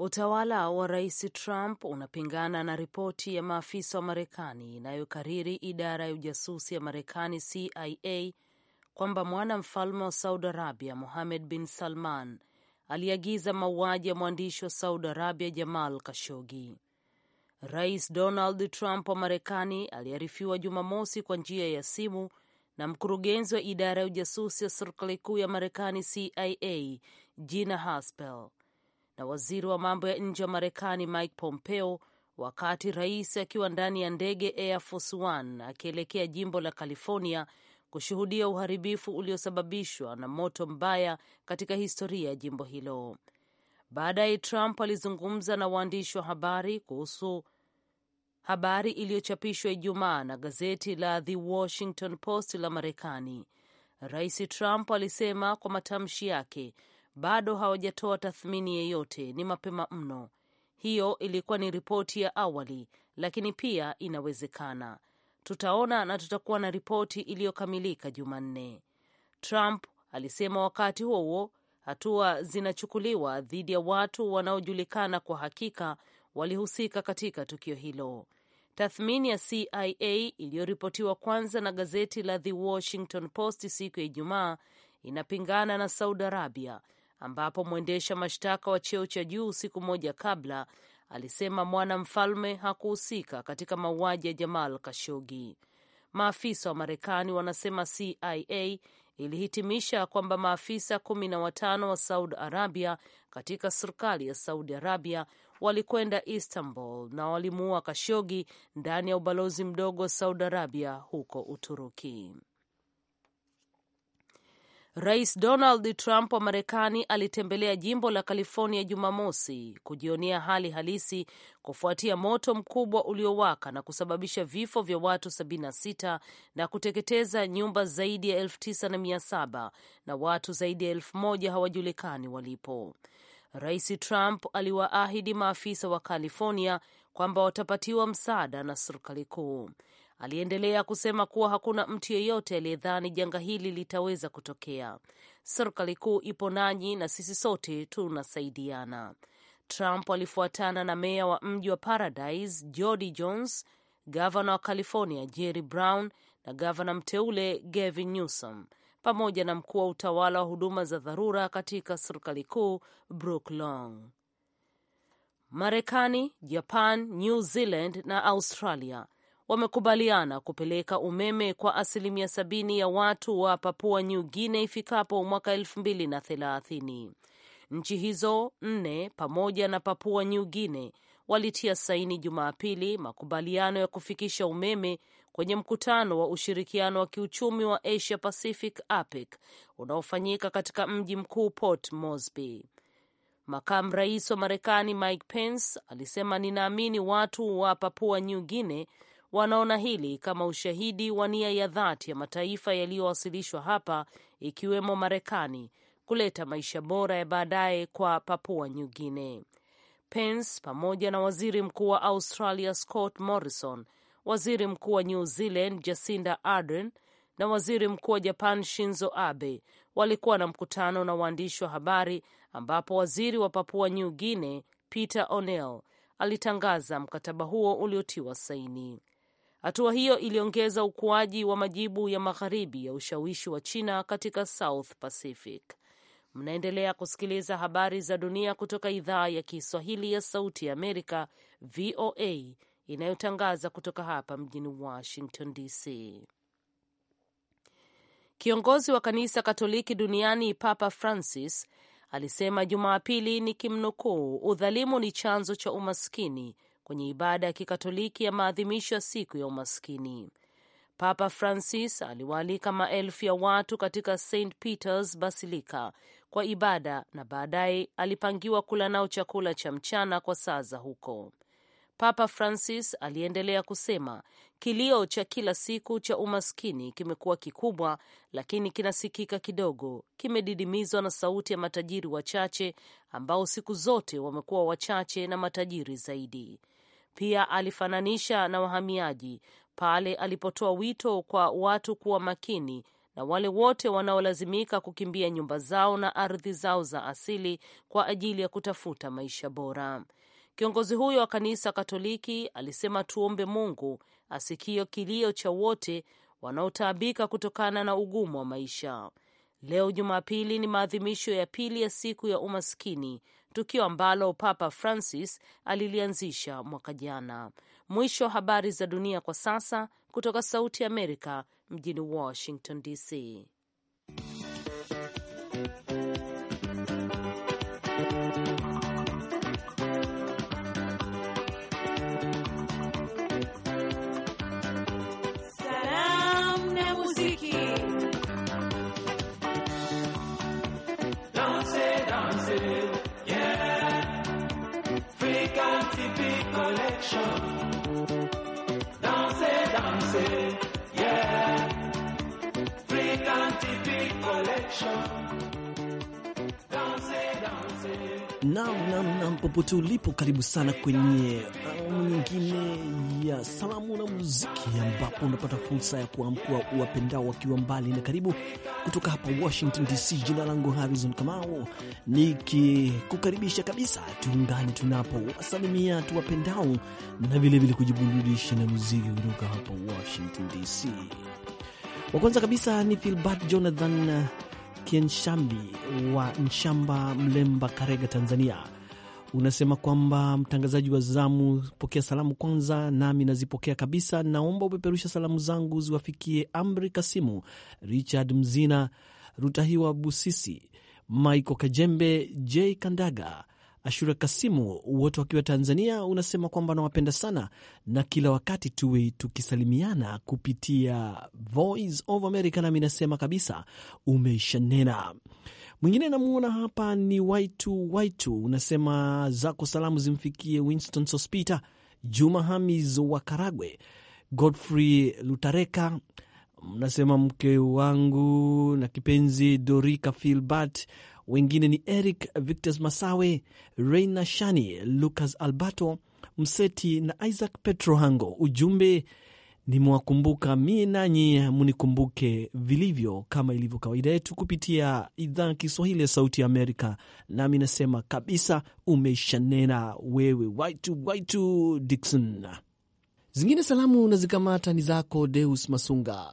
Utawala wa Rais Trump unapingana na ripoti ya maafisa wa Marekani inayokariri idara ya ujasusi ya Marekani CIA kwamba mwana mfalme wa Saudi Arabia muhamed bin Salman aliagiza mauaji ya mwandishi wa Saudi Arabia Jamal Kashogi. Rais Donald Trump wa Marekani aliarifiwa Jumamosi kwa njia ya simu na mkurugenzi wa idara ya ujasusi ya serikali kuu ya Marekani CIA Gina Haspel na waziri wa mambo ya nje wa Marekani Mike Pompeo wakati rais akiwa ndani ya ndege Air Force One akielekea jimbo la California kushuhudia uharibifu uliosababishwa na moto mbaya katika historia ya jimbo hilo. Baadaye Trump alizungumza na waandishi wa habari kuhusu habari iliyochapishwa Ijumaa na gazeti la The Washington Post la Marekani. Rais Trump alisema kwa matamshi yake bado hawajatoa tathmini yeyote, ni mapema mno. Hiyo ilikuwa ni ripoti ya awali, lakini pia inawezekana tutaona na tutakuwa na ripoti iliyokamilika Jumanne, Trump alisema. Wakati huo huo, hatua zinachukuliwa dhidi ya watu wanaojulikana kwa hakika walihusika katika tukio hilo. Tathmini ya CIA iliyoripotiwa kwanza na gazeti la The Washington Post siku ya Ijumaa inapingana na Saudi Arabia ambapo mwendesha mashtaka wa cheo cha juu siku moja kabla alisema mwana mfalme hakuhusika katika mauaji ya Jamal Kashogi. Maafisa wa Marekani wanasema CIA ilihitimisha kwamba maafisa kumi na watano wa Saudi Arabia katika serikali ya Saudi Arabia walikwenda Istanbul na walimuua Kashogi ndani ya ubalozi mdogo wa Saudi Arabia huko Uturuki. Rais Donald Trump wa Marekani alitembelea jimbo la California Jumamosi kujionea hali halisi kufuatia moto mkubwa uliowaka na kusababisha vifo vya watu 76 na kuteketeza nyumba zaidi ya 9700 na watu zaidi ya 1000 hawajulikani walipo. Rais Trump aliwaahidi maafisa wa California kwamba watapatiwa msaada na serikali kuu. Aliendelea kusema kuwa hakuna mtu yeyote aliyedhani janga hili litaweza kutokea. Serikali kuu ipo nanyi na sisi sote tunasaidiana. Trump alifuatana na meya wa mji wa Paradise Jody Jones, gavana wa California Jerry Brown na gavana mteule Gavin Newsom pamoja na mkuu wa utawala wa huduma za dharura katika serikali kuu Brock Long. Marekani, Japan, New Zealand na Australia wamekubaliana kupeleka umeme kwa asilimia sabini ya watu wa Papua New Guinea ifikapo mwaka elfu mbili na thelathini. Nchi hizo nne pamoja na Papua New Guinea walitia saini Jumapili makubaliano ya kufikisha umeme kwenye mkutano wa ushirikiano wa kiuchumi wa Asia Pacific APEC unaofanyika katika mji mkuu Port Moresby. Makamu Rais wa Marekani Mike Pence alisema, ninaamini watu wa Papua New Guinea wanaona hili kama ushahidi wa nia ya dhati ya mataifa yaliyowasilishwa hapa ikiwemo Marekani kuleta maisha bora ya baadaye kwa Papua New Guinea. Pence pamoja na waziri mkuu wa Australia Scott Morrison, waziri mkuu wa New Zealand Jacinda Ardern na waziri mkuu wa Japan Shinzo Abe walikuwa na mkutano na waandishi wa habari ambapo waziri wa Papua New Guinea Peter O'Neill alitangaza mkataba huo uliotiwa saini. Hatua hiyo iliongeza ukuaji wa majibu ya magharibi ya ushawishi wa China katika South Pacific. Mnaendelea kusikiliza habari za dunia kutoka idhaa ya Kiswahili ya Sauti ya Amerika, VOA, inayotangaza kutoka hapa mjini Washington DC. Kiongozi wa kanisa Katoliki duniani Papa Francis alisema Jumapili, nikimnukuu, udhalimu ni chanzo cha umaskini kwenye ibada ya kikatoliki ya maadhimisho ya siku ya umaskini. Papa Francis aliwaalika maelfu ya watu katika St Peters Basilica kwa ibada na baadaye alipangiwa kula nao chakula cha mchana kwa saa za huko. Papa Francis aliendelea kusema kilio cha kila siku cha umaskini kimekuwa kikubwa, lakini kinasikika kidogo, kimedidimizwa na sauti ya matajiri wachache ambao siku zote wamekuwa wachache na matajiri zaidi. Pia alifananisha na wahamiaji pale alipotoa wito kwa watu kuwa makini na wale wote wanaolazimika kukimbia nyumba zao na ardhi zao za asili kwa ajili ya kutafuta maisha bora. Kiongozi huyo wa kanisa Katoliki alisema tuombe Mungu asikio kilio cha wote wanaotaabika kutokana na ugumu wa maisha. Leo Jumapili ni maadhimisho ya pili ya siku ya umaskini tukio ambalo Papa Francis alilianzisha mwaka jana. Mwisho wa habari za dunia kwa sasa kutoka Sauti ya Amerika mjini Washington DC. Naam, popote ulipo, karibu sana kwenye awamu uh, nyingine ya salamu na muziki, ambapo unapata fursa ya kuamkua uwapendao wakiwa mbali na karibu, kutoka hapa Washington DC. Jina langu Harrison Kamau, nikikukaribisha kabisa, tuungane tunapo wasalimia tuwapendao na vilevile kujiburudisha na muziki kutoka hapa Washington DC. Wa kwanza kabisa ni Filbert Jonathan Kienshambi wa Nshamba, Mlemba, Karega, Tanzania, unasema kwamba mtangazaji wa zamu, pokea salamu kwanza, nami nazipokea kabisa. Naomba upeperusha salamu zangu ziwafikie Amri Kasimu, Richard Mzina, Rutahiwa Busisi, Maiko Kajembe, J Kandaga Ashura Kasimu, wote wakiwa Tanzania, unasema kwamba nawapenda sana na kila wakati tuwe tukisalimiana kupitia Voice of America, nami nasema kabisa, umeisha nena. Mwingine namuona hapa ni Waitu Waitu, unasema zako salamu zimfikie Winston Sospita, Juma Hamis wa Karagwe, Godfrey Lutareka, nasema mke wangu na kipenzi Dorika Filbert wengine ni Eric Victos Masawe, Reina Shani, Lucas albato Mseti na Isaac Petro Hango. Ujumbe nimewakumbuka mie, nanyi munikumbuke vilivyo, kama ilivyo kawaida yetu kupitia idhaa Kiswahili ya Sauti ya Amerika. Nami nasema kabisa, umeshanena wewe, waitu waitu Dikson. Zingine salamu na zikamata ni zako Deus Masunga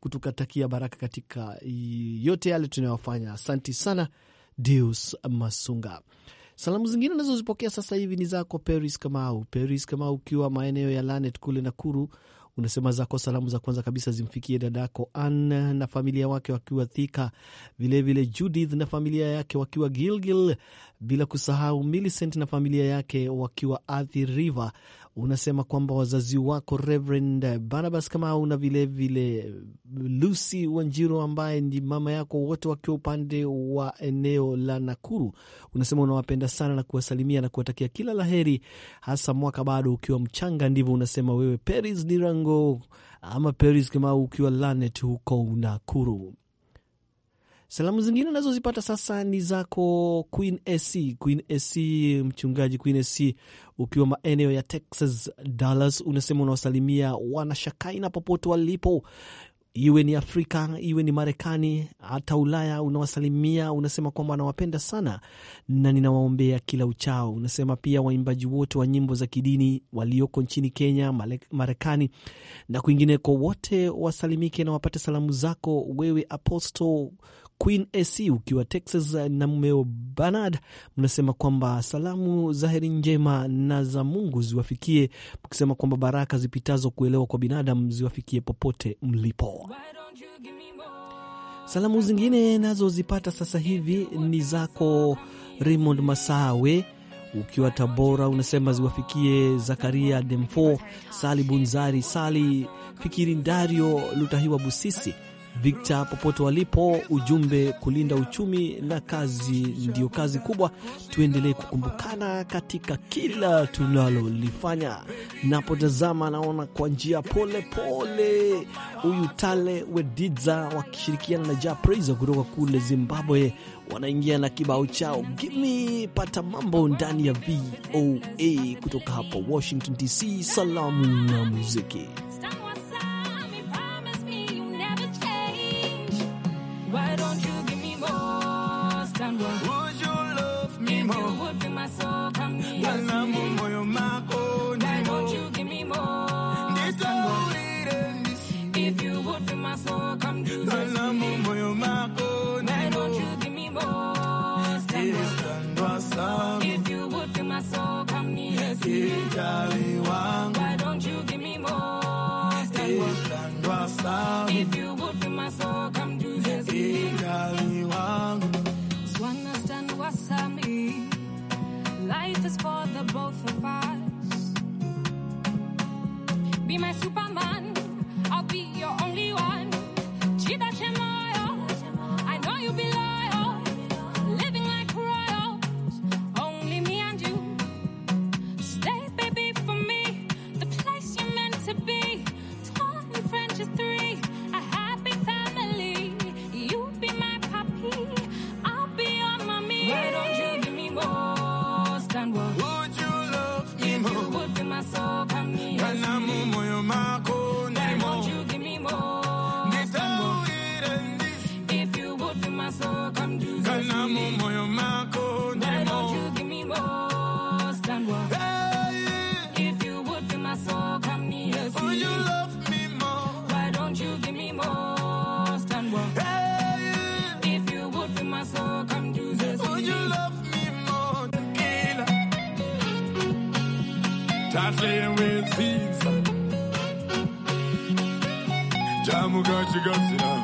kutukatakia baraka katika yote yale tunayofanya. Asanti sana Deus Masunga. Salamu zingine unazozipokea sasa hivi ni zako Peris Kamau. Peris Kamau, ukiwa maeneo ya Lanet kule Nakuru, unasema zako salamu za kwanza kabisa zimfikie dadako Ann na familia wake wakiwa Thika, vilevile Judith na familia yake wakiwa Gilgil, bila kusahau Millicent na familia yake wakiwa Athi River, unasema kwamba wazazi wako Reverend Barnabas Kamau na vilevile Lucy Wanjiru ambaye ni mama yako, wote wakiwa upande wa eneo la Nakuru. Unasema unawapenda sana na kuwasalimia na kuwatakia kila laheri, hasa mwaka bado ukiwa mchanga. Ndivyo unasema wewe, Peris Nirango ama Peris Kamau, ukiwa Lanet huko Nakuru. Salamu zingine nazozipata sasa ni zako Queen AC, Queen AC, mchungaji Queen AC, ukiwa maeneo ya Texas, Dallas, unasema unawasalimia wanashakaina popote walipo, iwe ni Afrika, iwe ni Marekani, hata Ulaya. Unawasalimia, unasema kwamba anawapenda sana na ninawaombea kila uchao. Unasema pia waimbaji wote wa nyimbo za kidini walioko nchini Kenya, Marekani na kwingineko, wote wasalimike na wapate salamu zako wewe, Apostle Queen AC ukiwa Texas na mmeo Bernard, mnasema kwamba salamu za heri njema na za Mungu ziwafikie, mkisema kwamba baraka zipitazo kuelewa kwa binadamu ziwafikie popote mlipo. Salamu zingine nazozipata sasa hivi ni zako Raymond Masawe ukiwa Tabora, unasema ziwafikie Zakaria Demfo, Sali Bunzari, Sali Fikiri, Dario Lutahiwa Busisi Victor popote walipo, ujumbe kulinda uchumi na kazi ndiyo kazi kubwa. Tuendelee kukumbukana katika kila tunalolifanya. Napotazama naona kwa njia pole pole, huyu Tale Wedidza wakishirikiana na Ja kutoka kule Zimbabwe wanaingia na kibao chao gimi pata mambo ndani ya VOA kutoka hapa Washington DC. Salamu na muziki. Jamu gachi gachi, yeah.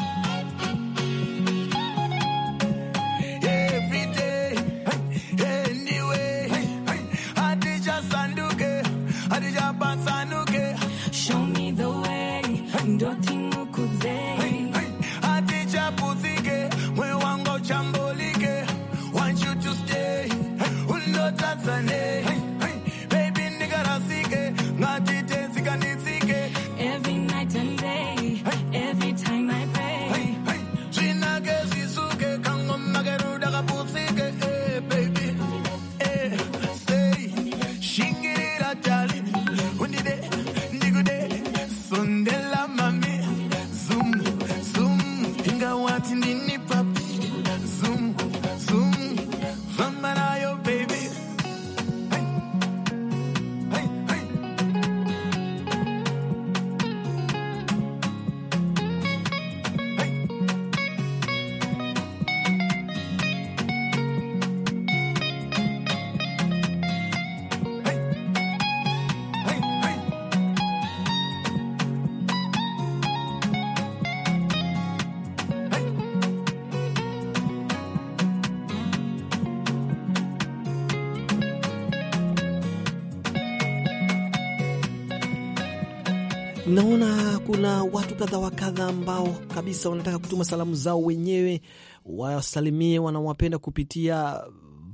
Naona kuna watu kadha wa kadha ambao kabisa wanataka kutuma salamu zao wenyewe wasalimie wanawapenda kupitia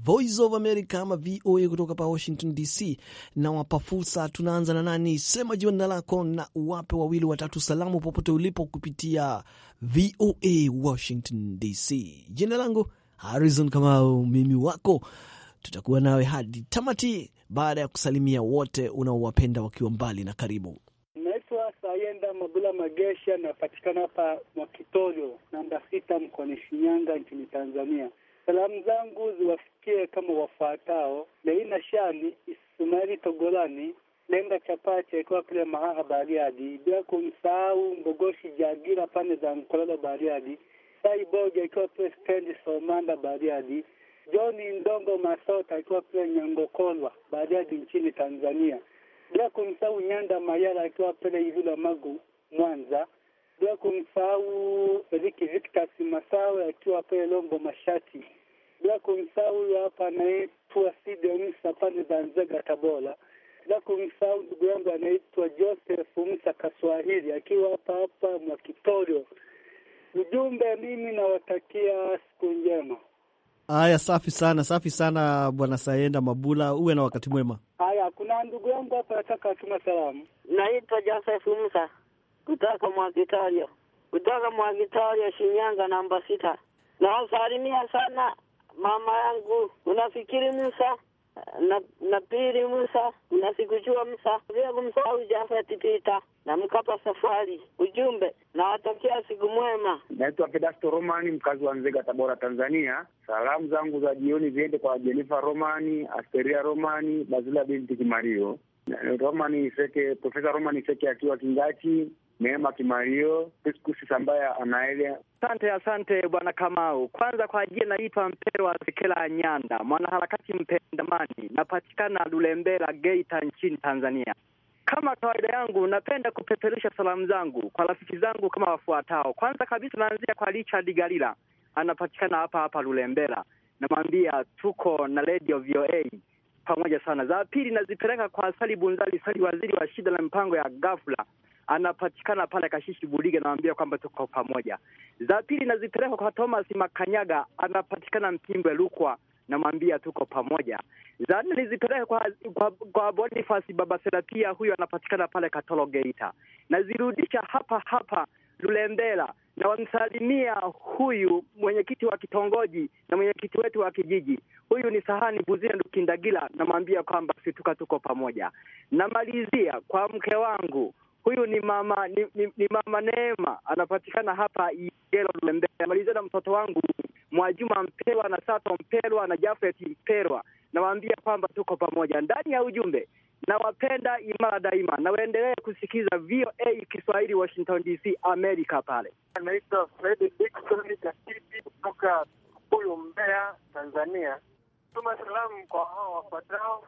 Voice of America ama VOA kutoka pa Washington DC, na wapa fursa. Tunaanza na nani? Sema jina lako na uwape wawili watatu salamu popote ulipo kupitia VOA Washington DC. Jina langu Harrison Kamau, mimi wako, tutakuwa nawe hadi tamati, baada ya kusalimia wote unaowapenda wakiwa mbali na karibu. Mabula Magesha, napatikana hapa Mwakitorio namba sita mkoani Shinyanga nchini Tanzania. Salamu zangu ziwafikie kama wafuatao: Leina shani Ismaili Togolani, Lenga chapache akiwa pale Mahaha Bariadi, bila kumsahau Mbogoshi Jagira pande za Mkololo Bariadi, Sai akiwa ikiwa pale stendi Somanda Bariadi, Johni Ndongo Masota akiwa pale Nyangokolwa Bariadi nchini Tanzania, bila kumsahau Nyanda Mayara akiwa pale Ivula Magu Mwanza, bila kumsahau riki Vitkas Masawe akiwa pale Lombo Mashati, bila kumsahau huyo hapa anaitwa Sida Msa pale nzega Tabora, bila kumsahau ndugu yangu anaitwa Joseph Msa Kaswahili akiwa hapa hapa Mwakitorio. Ujumbe, mimi nawatakia siku njema. Haya, safi sana, safi sana Bwana Sayenda Mabula, uwe na wakati mwema. Haya, kuna ndugu yangu hapa nataka atuma salamu, naitwa Joseph Musa, kutoka Mwakitario, kutoka Mwakitario, Shinyanga, namba sita. Nawasalimia sana mama yangu, unafikiri Musa na, na pili Musa, unasikujua Musa vile kumsahau Jafet Pita na Mkapa Safari. Ujumbe nawatakia siku mwema. Naitwa Pedasto Romani, mkazi wa Nzega, Tabora, Tanzania. Salamu zangu za jioni ziende kwa Jenifa Romani, Asteria Romani, Bazila binti Kimario, Romani Seke, Profesa Romani Seke akiwa Kingati, Neema Kimario, Priscus Sambaya anaelea. Asante, asante bwana Kamau. Kwanza kwa ajili, naitwa Mpero wa Sekela Nyanda, mwanaharakati mpendamani, napatikana Lulembela, Geita nchini Tanzania. Kama kawaida yangu, napenda kupeperusha salamu zangu kwa rafiki zangu kama wafuatao. Kwanza kabisa, naanzia kwa Richard Galila, anapatikana hapa hapa Lulembela, namwambia tuko na Radio VOA pamoja sana. Za pili nazipeleka kwa Sali Bunzali Sali, waziri wa shida na mipango ya ghafla, anapatikana pale Kashishi Bulige, namwambia kwamba tuko pamoja. Za pili nazipeleka kwa Thomas Makanyaga, anapatikana Mpimbwe Lukwa, namwambia tuko pamoja. Za nne nizipeleke kwa, kwa, kwa Bonifasi Baba Serapia, huyo anapatikana pale Katoro Geita. Nazirudisha hapa hapa Lulembela na wamsalimia huyu mwenyekiti wa kitongoji na mwenyekiti wetu wa kijiji. Huyu ni Sahani Buzia Ndukindagila, namwambia kwamba situka, tuko pamoja. Namalizia kwa mke wangu huyu ni mama ni, ni, ni mama Neema, anapatikana hapa Igelo Lulembela. Namalizia na mtoto wangu Mwajuma Mpelwa na Sato Mpelwa na Jafet Mpelwa, nawaambia kwamba tuko pamoja. Ndani ya ujumbe nawapenda imara daima, na waendelee kusikiza VOA Kiswahili, Washington DC, Amerika. Pale anaitwa Fredi Dickson Katiti kutoka Mbuyu, Mbeya, Tanzania. Tuma salamu kwa hao wafuatao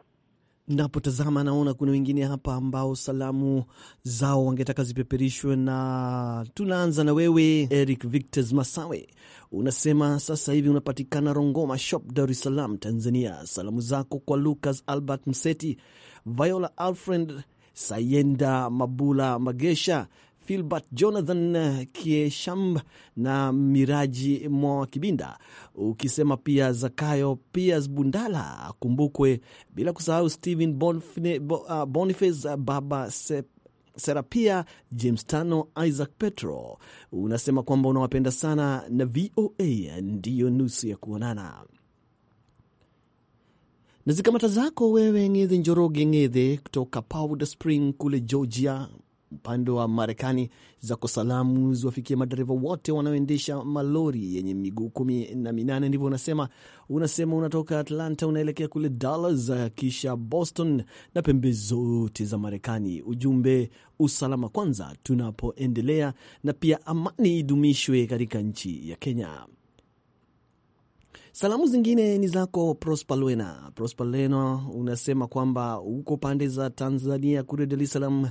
napotazama naona kuna wengine hapa ambao salamu zao wangetaka zipeperishwe, na tunaanza na wewe Eric Victos Masawe. Unasema sasa hivi unapatikana Rongoma Shop, Dar es Salaam, Tanzania. Salamu zako kwa Lucas Albert Mseti, Viola Alfred Sayenda Mabula Magesha Filbert Jonathan Kieshamb na Miraji Mwa Kibinda, ukisema pia Zakayo pias Bundala akumbukwe, bila kusahau Stephen uh, Boniface, uh, Baba Sep Serapia James Tano, Isaac Petro. Unasema kwamba unawapenda sana na VOA ndiyo nusu ya kuonana na zikamata zako wewe Ngedhe Njoroge Ngedhe kutoka Powder Spring kule Georgia, upande wa Marekani zako salamu ziwafikia madereva wote wanaoendesha malori yenye miguu kumi na minane, ndivyo unasema. Unasema unatoka Atlanta unaelekea kule Dallas, kisha Boston na pembe zote za Marekani. Ujumbe usalama kwanza tunapoendelea, na pia amani idumishwe katika nchi ya Kenya. Salamu zingine ni zako Prosper Lwena. unasema kwamba huko pande za Tanzania kule Dar es Salaam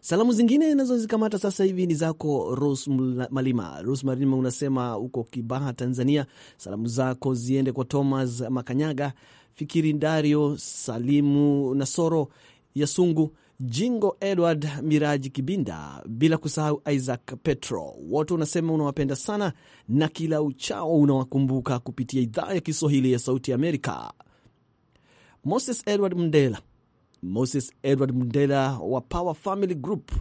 Salamu zingine nazozikamata sasa hivi ni zako Ros Malima. Ros Malima unasema uko Kibaha, Tanzania. Salamu zako ziende kwa Thomas Makanyaga, Fikiri Ndario, Salimu Nasoro, Yasungu Jingo, Edward Miraji Kibinda, bila kusahau Isaac Petro. Wote unasema unawapenda sana na kila uchao unawakumbuka kupitia idhaa ya Kiswahili ya Sauti Amerika. Moses Edward Mndela Moses Edward Mndela wa Power Family Group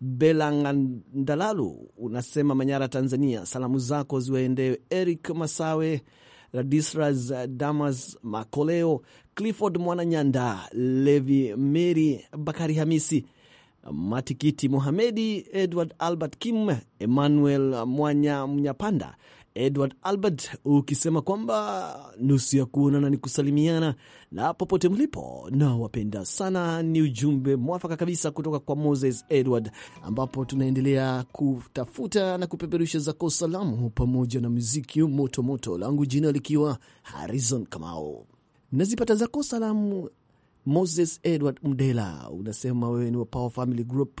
Belangandalalu unasema Manyara, Tanzania. Salamu zako ziwaendee Eric Masawe, Radisras Damas Makoleo, Clifford Mwananyanda, Levi Meri, Bakari Hamisi, Matikiti muhamedi Edward Albert Kim, Emmanuel Mwanya Mnyapanda, Edward Albert ukisema kwamba nusu ya kuonana ni kusalimiana, na popote mlipo na wapenda sana. Ni ujumbe mwafaka kabisa kutoka kwa Moses Edward, ambapo tunaendelea kutafuta na kupeperusha zako salamu pamoja na muziki moto moto, langu jina likiwa Harrison Kamao. Nazipata zako salamu Moses Edward Mdela, unasema wewe ni wa Power Family Group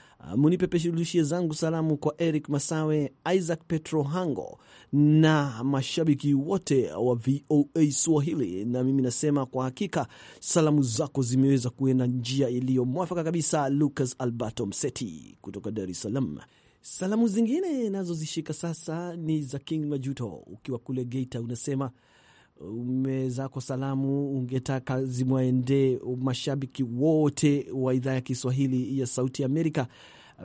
Ah, Munipepeshurushie zangu salamu kwa Eric Masawe, Isaac Petro Hango na mashabiki wote wa VOA Swahili. Na mimi nasema kwa hakika salamu zako zimeweza kuenda njia iliyomwafaka kabisa. Lucas Alberto Mseti kutoka Dar es Salaam. Salamu zingine nazozishika sasa ni za King Majuto, ukiwa kule Geita, unasema umezako salamu ungetaka zimwaendee mashabiki wote wa idhaa ya Kiswahili ya Sauti Amerika,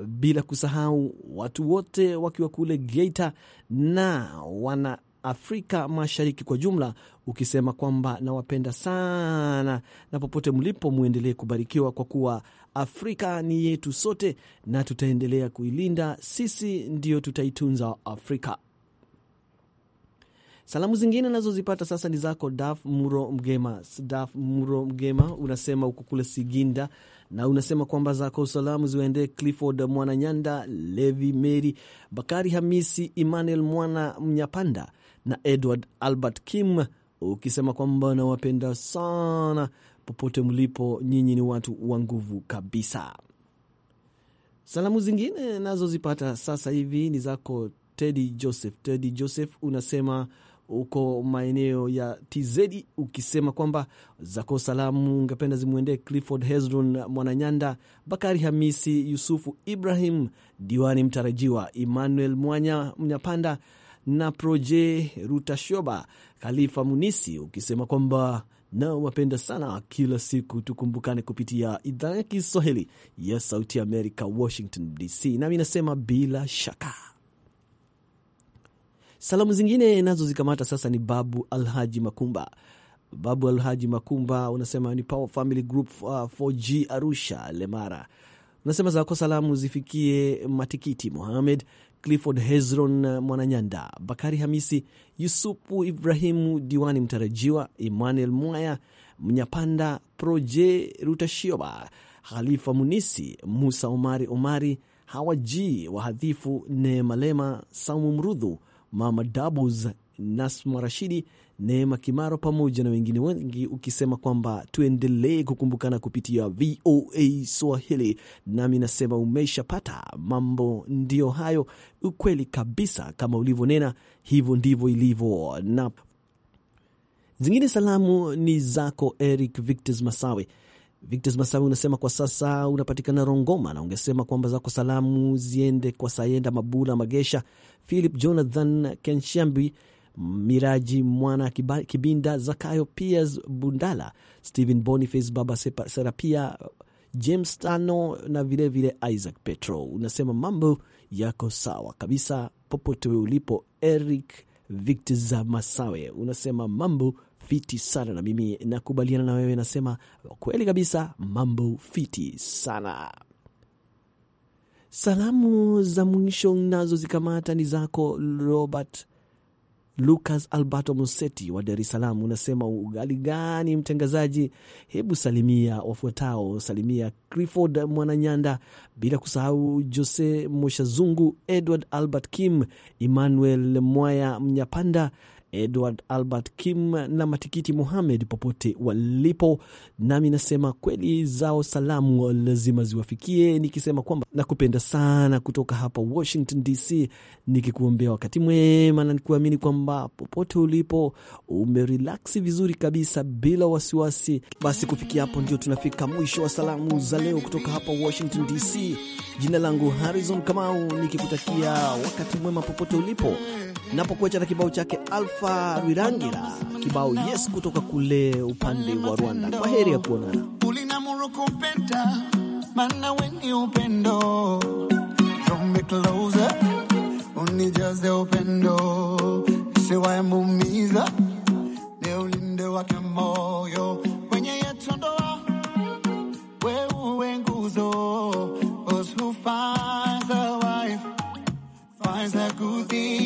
bila kusahau watu wote wakiwa kule Geita na wana Afrika Mashariki kwa jumla, ukisema kwamba nawapenda sana na popote mlipo mwendelee kubarikiwa, kwa kuwa Afrika ni yetu sote na tutaendelea kuilinda. Sisi ndio tutaitunza Afrika. Salamu zingine nazozipata sasa ni zako Daf Muro Mgema. Daf Muro Mgema unasema uko kule Siginda na unasema kwamba zako salamu ziwaendee Clifford Mwananyanda, Levi Meri, Bakari Hamisi, Emmanuel Mwana Mnyapanda na Edward Albert Kim, ukisema kwamba nawapenda sana popote mlipo, nyinyi ni watu wa nguvu kabisa. Salamu zingine nazozipata sasa hivi ni zako Tedi Joseph. Tedi Joseph unasema huko maeneo ya TZ, ukisema kwamba zako salamu ungependa zimwendee Clifford Hezron Mwananyanda, Bakari Hamisi, Yusufu Ibrahim, diwani mtarajiwa Emmanuel Mwanya Mnyapanda na Proje Rutashoba, Khalifa Munisi, ukisema kwamba nao wapenda sana kila siku tukumbukane kupitia idhaa ya Kiswahili ya Sauti ya Amerika, Washington DC. Nami nasema bila shaka Salamu zingine nazo zikamata sasa ni Babu Alhaji Makumba. Babu Alhaji Makumba unasema ni Power Family Group 4G uh, Arusha Lemara. Unasema zako salamu zifikie Matikiti Mohamed, Clifford Hezron uh, Mwananyanda, Bakari Hamisi, Yusupu Ibrahimu Diwani Mtarajiwa, Emmanuel Mwaya Mnyapanda, Proje Rutashioba, Khalifa Munisi, Musa Omari Omari, Hawaji Wahadhifu, Neemalema, Saumu Mrudhu, Mama Doubles, Nasma Rashidi, Neema Kimaro pamoja na wengine wengi, ukisema kwamba tuendelee kukumbukana kupitia VOA Swahili. Nami nasema umeshapata. Mambo ndiyo hayo, ukweli kabisa, kama ulivyonena, hivyo ndivyo ilivyo. Na zingine salamu ni zako Eric Victos Masawe Victos Masawe unasema kwa sasa unapatikana Rongoma, na ungesema kwamba zako salamu ziende kwa Sayenda Mabula Magesha, Philip Jonathan Kenshambi, Miraji Mwana Kibinda, Zakayo Piers Bundala, Stephen Boniface, Baba Serapia, James Tano na vilevile vile Isaac Petro. Unasema mambo yako sawa kabisa popote ulipo. Eric Victor Masawe unasema mambo fiti sana, na mimi nakubaliana na wewe, nasema kweli kabisa, mambo fiti sana. Salamu za mwisho nazo zikamata ni zako Robert Lucas Alberto Museti wa Dar es Salaam, unasema ugali gani mtangazaji? Hebu salimia wafuatao, salimia Clifford Mwananyanda, bila kusahau Jose Moshazungu, Edward Albert Kim, Emmanuel Mwaya Mnyapanda, Edward Albert Kim na Matikiti muhamed popote walipo, nami nasema kweli zao salamu lazima ziwafikie, nikisema kwamba nakupenda sana kutoka hapa Washington DC, nikikuombea wakati mwema na nikuamini kwamba popote ulipo umerilaksi vizuri kabisa bila wasiwasi. Basi kufikia hapo ndio tunafika mwisho wa salamu za leo kutoka hapa Washington DC. Jina langu Harrison Kamau, nikikutakia wakati mwema popote ulipo, napokuacha na kibao chake Alfa Christopher Rwirangira, kibao yes kutoka kule upande wa Rwanda. Kwa heri ya kuonana. Ulinamuru kupenda, maana we ni upendo. Come closer, unijaze upendo, siwae muumiza, ni ulinde wake moyo kwenye yetu ndoa, wewe nguzo us who finds a wife finds a good thing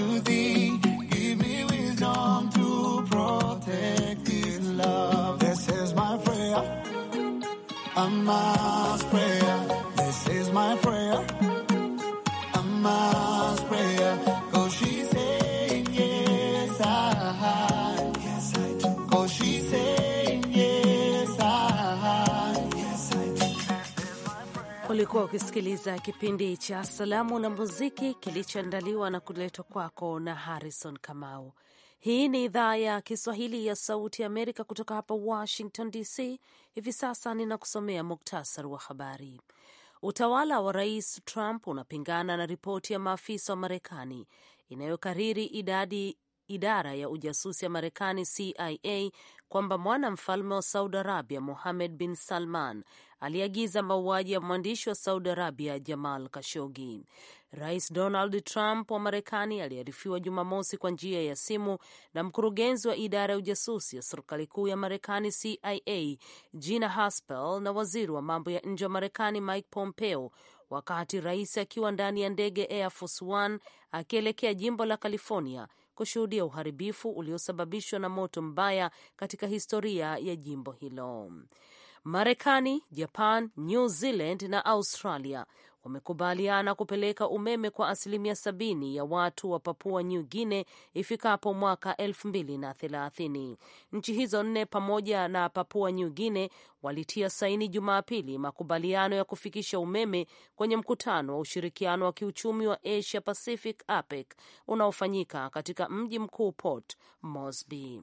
good thing. Give me wisdom to protect this love. This is my prayer. i Ulikuwa ukisikiliza kipindi cha Salamu na Muziki kilichoandaliwa na kuletwa kwako na Harrison Kamau. Hii ni idhaa ya Kiswahili ya Sauti ya Amerika kutoka hapa Washington DC. Hivi sasa ninakusomea muktasari wa habari. Utawala wa Rais Trump unapingana na ripoti ya maafisa wa Marekani inayokariri idadi idara ya ujasusi ya Marekani CIA kwamba mwanamfalme wa Saudi Arabia Mohammed bin Salman aliagiza mauaji ya mwandishi wa Saudi Arabia Jamal Kashogi. Rais Donald Trump wa Marekani aliarifiwa Jumamosi kwa njia ya simu na mkurugenzi wa idara ya ujasusi ya serikali kuu ya Marekani CIA Gina Haspel na waziri wa mambo ya nje wa Marekani Mike Pompeo wakati rais akiwa ndani ya ndege Air Force One akielekea jimbo la California kushuhudia uharibifu uliosababishwa na moto mbaya katika historia ya jimbo hilo. Marekani, Japan, New Zealand na Australia wamekubaliana kupeleka umeme kwa asilimia sabini ya watu wa Papua New Guinea ifikapo mwaka elfu mbili na thelathini. Nchi hizo nne pamoja na Papua New Guinea walitia saini Jumapili makubaliano ya kufikisha umeme kwenye mkutano wa ushirikiano wa kiuchumi wa Asia Pacific APEC unaofanyika katika mji mkuu Port Moresby.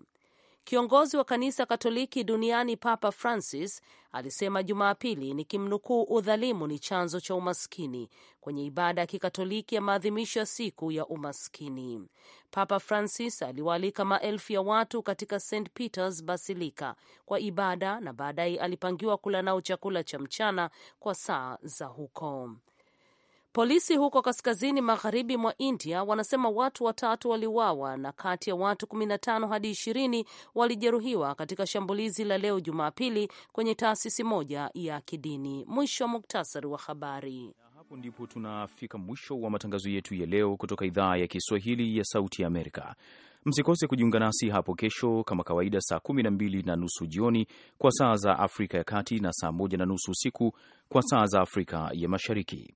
Kiongozi wa kanisa Katoliki duniani Papa Francis alisema Jumapili nikimnukuu, udhalimu ni chanzo cha umaskini, kwenye ibada ya kikatoliki ya maadhimisho ya siku ya umaskini. Papa Francis aliwaalika maelfu ya watu katika St Peters Basilica kwa ibada na baadaye alipangiwa kula nao chakula cha mchana kwa saa za huko. Polisi huko kaskazini magharibi mwa India wanasema watu watatu waliuawa na kati ya watu 15 hadi 20 walijeruhiwa katika shambulizi la leo Jumapili kwenye taasisi moja ya kidini. Mwisho wa muktasari wa habari. Hapo ndipo tunafika mwisho wa matangazo yetu ya leo kutoka idhaa ya Kiswahili ya Sauti ya Amerika. Msikose kujiunga nasi hapo kesho kama kawaida, saa kumi na nusu jioni kwa saa za Afrika ya Kati na saa moja na nusu usiku kwa saa za Afrika ya Mashariki.